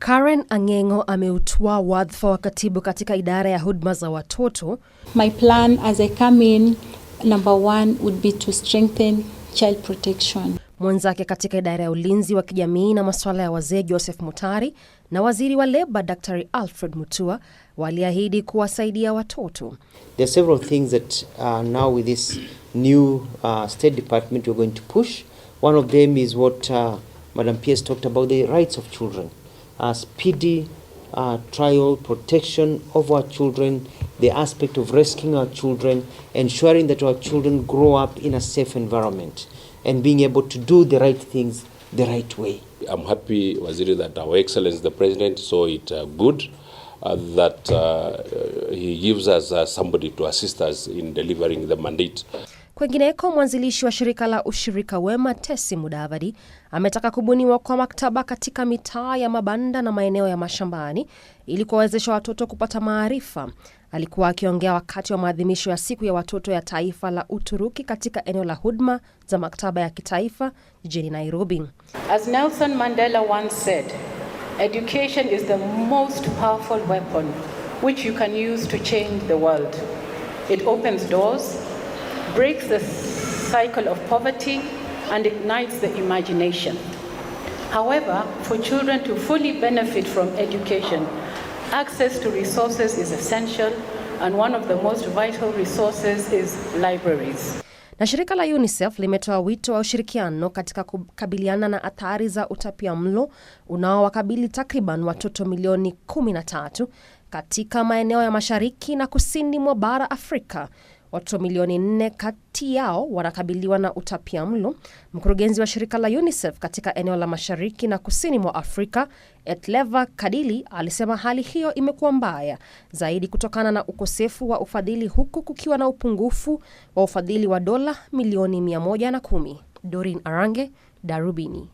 Karen Angengo ameutwa wadhifa wa katibu katika idara ya huduma za watoto. My plan as I come in, number one would be to strengthen child protection. Mwenzake katika idara ya ulinzi wa kijamii na masuala ya wazee Joseph Mutari na waziri wa leba dr Alfred Mutua waliahidi kuwasaidia watoto. There are several things that uh, now with this new uh, State Department we're going to push. One of them is what uh, Madam Pierce talked about the rights of children, uh, speedy uh, trial, protection of our children, the aspect of rescuing our children, ensuring that our children grow up in a safe environment, and being able to do the right things the right way. I'm happy, Waziri, that Our Excellency the President saw it uh, good. Uh, that uh, he gives us uh, somebody to assist us in delivering the mandate. Kwengineko, mwanzilishi wa shirika la ushirika wema Tesi Mudavadi ametaka kubuniwa kwa maktaba katika mitaa ya mabanda na maeneo ya mashambani ili kuwawezesha watoto kupata maarifa. Alikuwa akiongea wakati wa maadhimisho ya siku ya watoto ya taifa la Uturuki katika eneo la huduma za maktaba ya kitaifa jijini Nairobi. As Nelson Mandela once said, education is the most powerful weapon which you can use to change the world. It opens doors breaks the cycle of poverty and ignites the imagination. However, for children to fully benefit from education, access to resources is essential and one of the most vital resources is libraries. Na shirika la UNICEF limetoa wito wa ushirikiano katika kukabiliana na athari za utapia mlo unaowakabili takriban watoto milioni 13 katika maeneo ya mashariki na kusini mwa bara Afrika Watoto milioni nne kati yao wanakabiliwa na utapia mlo. Mkurugenzi wa shirika la UNICEF katika eneo la mashariki na kusini mwa Afrika, Etleva Kadili, alisema hali hiyo imekuwa mbaya zaidi kutokana na ukosefu wa ufadhili, huku kukiwa na upungufu wa ufadhili wa dola milioni 11 Dorin Arange, Darubini.